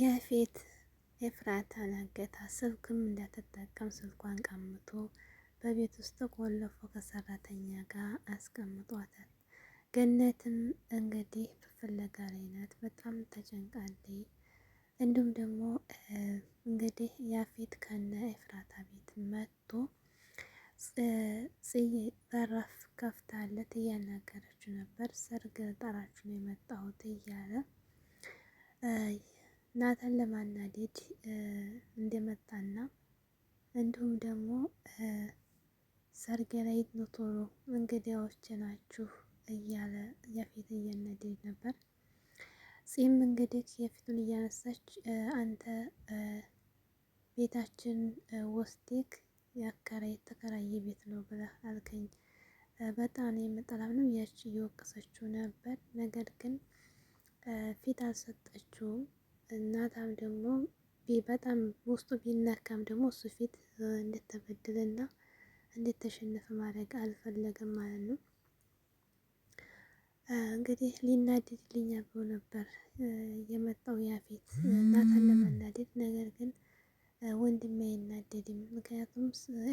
ያፌት ኤፍራታ ላገታ ስልክም እንዳትጠቀም ስልኳን ቀምቶ በቤት ውስጥ ቆልፎ ከሰራተኛ ጋር አስቀምጧታል። ገነትም እንግዲህ ፍለጋ ላይ ናት። በጣም ተጨንቃለች። እንዲሁም ደግሞ እንግዲህ ያፌት ከነ ኤፍራታ ቤት መጥቶ ጽዬ በራፍ ከፍታለት እያናገረችው ነበር። ሰርግ ልጠራችሁ የመጣሁት እያለ ናታን ለማናደድ እንደመጣና እንዲሁም ደግሞ ሰርጌ ላይ ኖቶሎ እንግዳዎች ናችሁ እያለ ያፌት እየነደድ ነበር። ጺም እንግዲህ የፊቱን እያነሳች አንተ ቤታችን ወስቴክ ያከራይ የተከራየ ቤት ነው ብለህ አልከኝ በጣም የምጠላም ነው እያች እየወቀሰችው ነበር። ነገር ግን ፊት አልሰጠችውም። እናታም ደግሞ በጣም ውስጡ ቢነካም ደግሞ እሱ ፊት እንደተበደለና እንደተሸነፈ ማድረግ አልፈለገም ማለት ነው። እንግዲህ ሊናደድ ልኛ ነበር የመጣው ያፌት ናታን ለመናደድ። ነገር ግን ወንድሜ አይናደድም፣ ምክንያቱም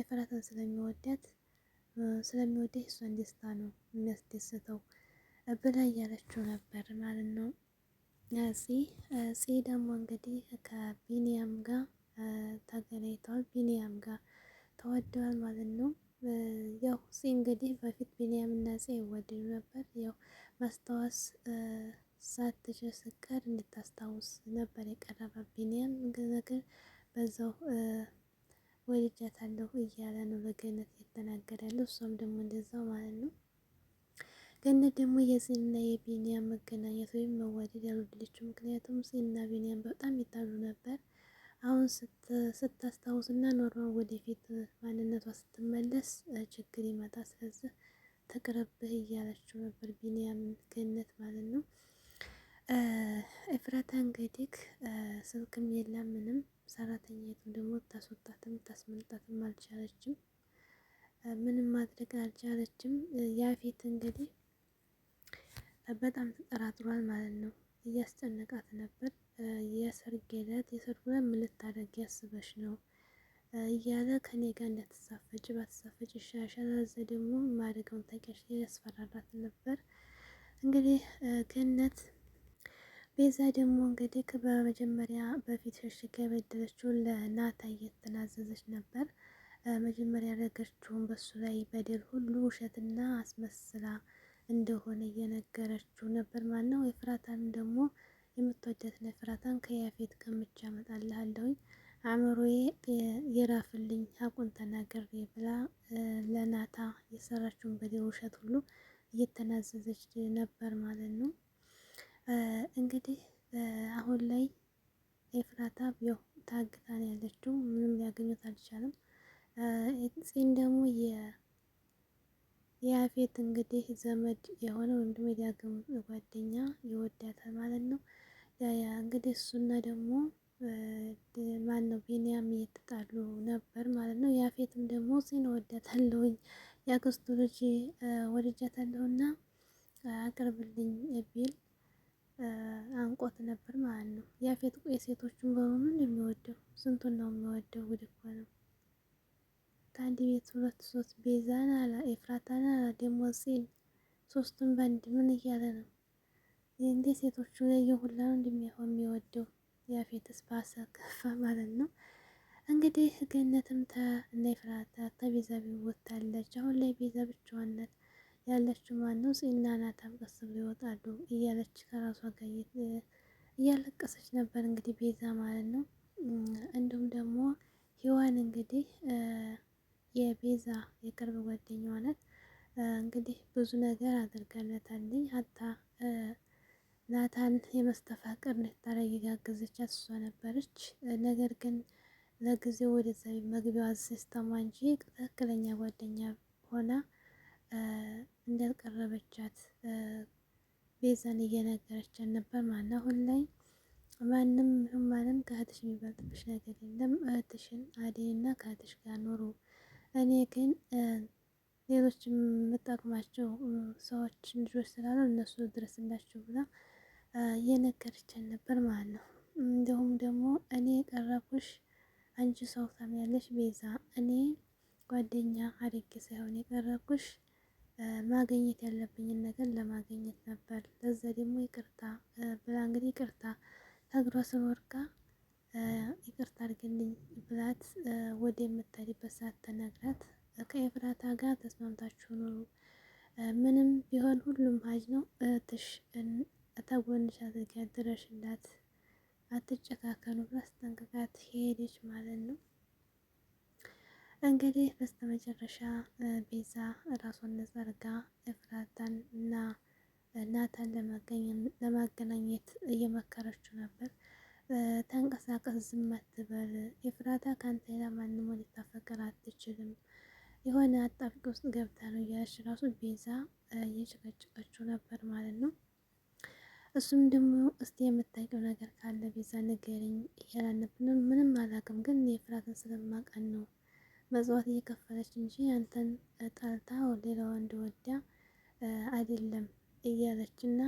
ኤፍራታን ስለሚወዳት ስለሚወዳት እሷን ደስታ ነው የሚያስደስተው ብላ እያለችው ነበር ማለት ነው። እጽ እጽ ደግሞ እንግዲህ ከቢኒያም ጋር ተገናኝተዋል። ቢኒያም ጋር ተወደዋል ማለት ነው። ያው እጽ እንግዲህ በፊት ቢኒያም እና እጽ ይወደዱ ነበር። ያው ማስታወስ ሳትችል ስትቀር እንድታስታውስ ነበር የቀረበ ቢኒያም ነገር በዛው ወድጃታለሁ እያለ ነው በገነት የተናገረ ያለው እሷም ደግሞ እንደዛው ማለት ነው። ገነት ደግሞ የዝና የቢኒያም መገናኘት ወይም መዋደድ ያልወደደችው ምክንያቱም ዝና ቢኒያም በጣም ይጣሉ ነበር። አሁን ስታስታውስና ኖርማል ወደፊት ማንነቷ ስትመለስ ችግር ይመጣ፣ ስለዚህ ተቅረብህ እያለችው ነበር ቢኒያም ገነት ማለት ነው። ኤፍራታ እንግዲህ ስልክም የለም ምንም፣ ሰራተኛቱም ደግሞ ታስወጣትም ታስመልጣትም አልቻለችም፣ ምንም ማድረግ አልቻለችም። ያፌት እንግዲህ በጣም ተጠራጥሯል ማለት ነው። እያስጨነቃት ነበር። የሰርግ ዕለት የሰርጉ ዕለት ምን ልታደርግ ያስበሽ ነው እያለ ከኔ ጋር እንዳትሳፈጭ ባትሳፈጭ ይሻሻል። እዚህ ደግሞ ማደገውን ታውቂያለሽ ያስፈራራት ነበር። እንግዲህ ገነት ቤዛ ደግሞ እንግዲህ በመጀመሪያ በፊት ሸሽጋ የበደለችውን ለናታ እየተናዘዘች ነበር። መጀመሪያ ያደረገችውን በሱ ላይ በደል ሁሉ ውሸትና አስመስላ እንደሆነ እየነገረችው ነበር ማለት ነው። የፍራታን ደግሞ የምትወዳት ኤፍራታን ከያፌት ከምቻ መጣልሃለሁኝ አእምሮዬ የራፍልኝ ሀቁን ተናገር ብላ ለናታ የሰራችውን በሌ ውሸት ሁሉ እየተናዘዘች ነበር ማለት ነው። እንግዲህ አሁን ላይ ኤፍራታ ያው ታግታ ነው ያለችው። ምንም ሊያገኙት አልቻለም። ጽን ደግሞ የአፌት እንግዲህ ዘመድ የሆነ ወይም ደግሞ የዳግም ጓደኛ ይወዳታል ማለት ነው። እንግዲህ እሱና ደግሞ ማን ነው ቢንያም እየተጣሉ ነበር ማለት ነው። የአፌትም ደግሞ ሲን ወዳታለሁኝ የአክስቱ ልጅ ወደጃታለሁና አቅርብልኝ ቢል አንቆት ነበር ማለት ነው። የአፌት የሴቶችን በሙሉ የሚወደው ስንቱን ነው የሚወደው? ጉድ እኮ ነው። አንድ ቤት ሁለት ሶስት ቤዛን አለ ኤፍራታን አለ ደግሞ ጽዮን ሶስቱን በአንድ ምን እያለ ነው እንዴ? ሴቶቹ ላይ የሁላ እንደሚሆን የሚወደው ያፌትስ በሀሳብ ከፋ ማለት ነው። እንግዲህ ገነትም ተ እና ኤፍራታ ከቤዛ ወታለች። አሁን ላይ ቤዛ ብቻዋነት ናት ያለችው። ማነው ጽዮንና ናታን ቀስ ብሎ ይወጣሉ እያለች ከራሷ ጋር እያለቀሰች ነበር እንግዲህ ቤዛ ማለት ነው። እንዲሁም ደግሞ ሔዋን እንግዲህ የቤዛ የቅርብ ጓደኛዋ ናት። እንግዲህ ብዙ ነገር አድርጋለታልኝ ሀታ ናታን የመስተፋቅር እንድታረግ ያገዘቻት እሷ ነበረች። ነገር ግን ለጊዜው ወደዛ መግቢያ ሲስተማ እንጂ ትክክለኛ ጓደኛ ሆና እንዳልቀረበቻት ቤዛን እየነገረችን ነበር ማና አሁን ላይ ማንም ይሁን ማንም ከእህትሽ የሚበልጥብሽ ነገር የለም። እህትሽን አዴንና ከእህትሽ ጋር ኑሩ እኔ ግን ሌሎች የምጠቅማቸው ሰዎች ልጆች ስላሉ እነሱ ድረስላቸው ብላ እየነገረችን ነበር ማለት ነው። እንዲሁም ደግሞ እኔ የቀረብኩሽ አንቺ ሰው ታምያለሽ ቤዛ፣ እኔ ጓደኛ አድርጌ ሳይሆን የቀረብኩሽ ማግኘት ያለብኝን ነገር ለማግኘት ነበር። ለዛ ደግሞ ይቅርታ ብላ እንግዲህ ይቅርታ ተግሯ ስወርቃ ይቅርታ አድርግልኝ ብላት ወደ የምትሄድበት ሰዓት ተነግራት ከኤፍራታ ጋር ተስማምታችሁ ኑሩ። ምንም ቢሆን ሁሉም ሀጅ ነው እህትሽ ተጎንሽ አድርጊ አድረሽላት፣ አትጨካከኑ ብላ አስጠንቅቃት ሄደች ማለት ነው። እንግዲህ በስተመጨረሻ ቤዛ ራሷን ነጸርጋ አድርጋ ኤፍራታን እና ናታን ለማገናኘት እየመከረችው ነበር። ተንቀሳቀስ፣ ዝም አትበል። ኤፍራታ ከአንተ ሌላ ማንም ልታፈቅር አትችልም። የሆነ አጣብቂ ውስጥ ገብታ ነው እያለች ራሱ ቤዛ እየጨቀጨቀችው ነበር ማለት ነው። እሱም ደግሞ እስቲ የምታውቂው ነገር ካለ ቤዛ እያላነብ ነው። ምንም አላውቅም፣ ግን የፍራትን ስለማቀን ነው መጽዋት እየከፈለች እንጂ አንተን ጠልታ ሌላ ወንድ ወዳ አይደለም እያለች እና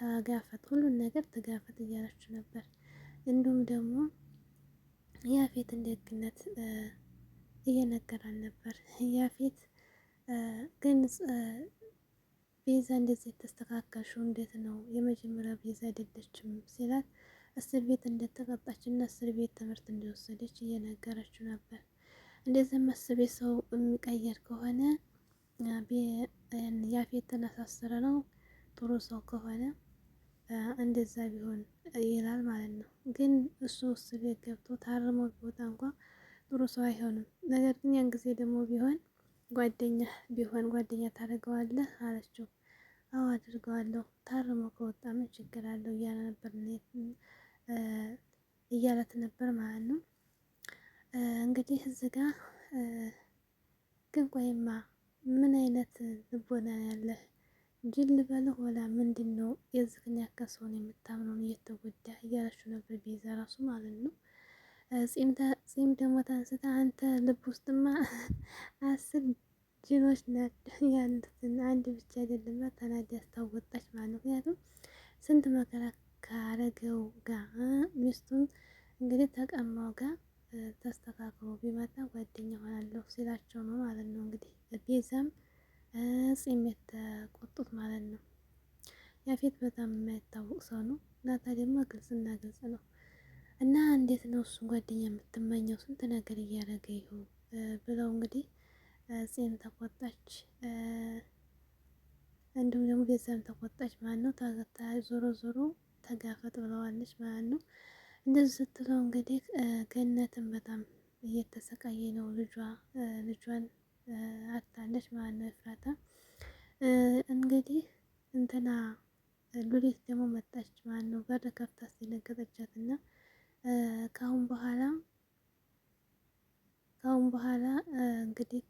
ተጋፈጥ፣ ሁሉን ነገር ተጋፈጥ እያለች ነበር። እንዲሁም ደግሞ ያፌት እንደ ህግነት ነበር። ያፌት ግን ቤዛ እንደዚህ የተስተካከልሽው እንዴት ነው? የመጀመሪያ ቤዛ አይደለችም ሲላት እስር ቤት እንደተቀጣች እና እስር ቤት ትምህርት እንደወሰደች እየነገረችው ነበር። እንደዚህ ቤት ሰው የሚቀየር ከሆነ ያፌትን አሳስረ ነው ጥሩ ሰው ከሆነ እንደዛ ቢሆን ይላል ማለት ነው። ግን እሱ ውስጥ ቤት ገብቶ ታርሞ ቦታ እንኳ ጥሩ ሰው አይሆንም። ነገር ግን ያን ጊዜ ደግሞ ቢሆን ጓደኛ ቢሆን ጓደኛ ታደርገዋለህ አለችው። አዎ አድርገዋለሁ፣ ታርሞ ከወጣ ምን ችግር አለው እያለ ነበር እያለት ነበር ማለት ነው። እንግዲህ እዚህ ጋ ግን ቆይማ ምን አይነት ልቦና ያለህ ጅል ልበልህ ወላ ምንድን ነው የዝክን ያክል ሰውን የምታምነውን እየተጎዳ እያለችው ነበር ቤዛ ራሱ ማለት ነው። ጺም ደግሞ ተንስታ አንተ ልብ ውስጥማ አስር ጅኖች ያሉትን አንድ ብቻ አይደለም ተናዳ ያስታወጣች ማለት ነው። ምክንያቱም ስንት መከራ ካረገው ጋር ሚስቱን እንግዲህ ተቀማው ጋር ተስተካክሎ ቢመጣ ጓደኛ ሆናለሁ ሲላቸው ነው ማለት ነው እንግዲህ ቤዛም ጺም የተቆጡት ማለት ነው። ያፌት በጣም የማይታወቅ ሰው ነው። ናታ ደግሞ ግልጽና ግልጽ ነው እና እንዴት ነው እሱን ጓደኛ የምትመኘው? ስንት ነገር እያደረገ ይሁ ብለው እንግዲህ ጺም ተቆጣች፣ እንዲሁም ደግሞ ቤዛም ተቆጣች ማለት ነው። ታዘታ ዞሮ ዞሮ ተጋፈጥ ብለዋለች ማለት ነው። እንደዚህ ስትለው እንግዲህ ገነትን በጣም እየተሰቃየ ነው ልጇ ልጇን አታለች ማለት ነው ኤፍራታ። እንግዲህ እንትና ሉሊት ደግሞ መጣች ማለት ነው። በር ከፍታ አስደነገጠቻት እና ከአሁን በኋላ ከአሁን በኋላ እንግዲህ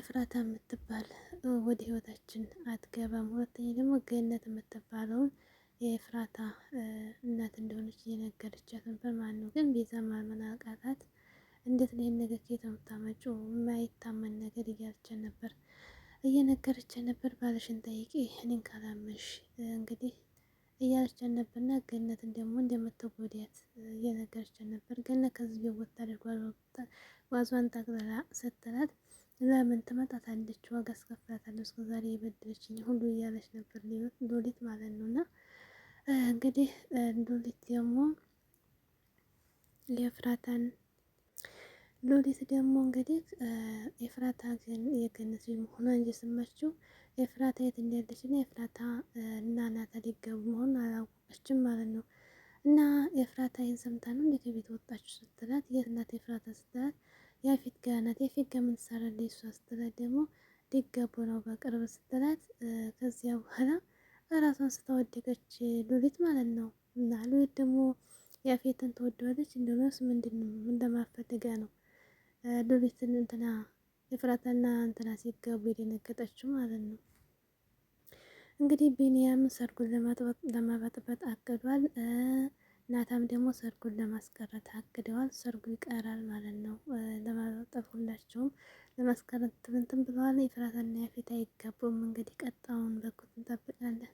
ኤፍራታ የምትባል ወደ ህይወታችን አትገባም። ሁለተኛ ደግሞ ገነት የምትባለውን የኤፍራታ እናት እንደሆነች እየነገረቻት ነበር ማለት ነው። ግን ቤዛ ማመን አቃታት። እንዴት ነው ነገር ከየት ነው የምታመጪው? የማይታመን ነገር እያለችን ነበር እየነገረችን ነበር። ባልሽን ጠይቂ እኔን ካላመሽ እንግዲህ እያለችን ነበርና ገነትን ደግሞ እንደምትጎዳት እየነገረችን ነበር። ገነት ከዚህ ወጣ ወጣ ዋዟን ጠቅልላ ስትላት ለምን ትመጣታለች? ዋጋ አስከፍላታለሁ እስከ ዛሬ የበደለችኝ ሁሉ እያለች ነበር ሉሊት ማለት ነው። እና እንግዲህ ሉሊት ደግሞ የፍራታን ሉሊት ደግሞ እንግዲህ ኤፍራታ ግን የገነት መሆኗን እየሰማችው ኤፍራታ የት ና ኤፍራታ እና ናታን ሊገቡ መሆኑን አላወቀችም ማለት ነው። እና ኤፍራታ ይህን ሰምታ ነው እንዴት ቤት ወጣችሁ ስትላት የት ናት ኤፍራታ ስትላት ያፌት ጋ ናት። ያፌት ጋ ምን ትሰራለች እሷ ስትላት ደግሞ ሊገቡ ነው በቅርብ ስትላት ከዚያ በኋላ ራሷን ስታወደቀች ሎሊት ማለት ነው። እና ሎሊት ደግሞ ያፌትን ተወደዋለች እንደሆነስ ምንድን ነው እንደማፈልጋ ነው ሉሊትን እንትና የፍራታና እንትና ሲገቡ የደነገጠችው ማለት ነው። እንግዲህ ቢንያም ሰርጉን ለማበጥበጥ አቅዷል። ናታም ደግሞ ሰርጉን ለማስቀረት አቅደዋል። ሰርጉ ይቀራል ማለት ነው። ለማበጠፍ ሁላቸውም ለማስቀረት ትምንትን ብለዋል። የፍራታና ያፌት አይጋቡም። እንግዲህ ቀጣውን በኩት እንጠብቃለን።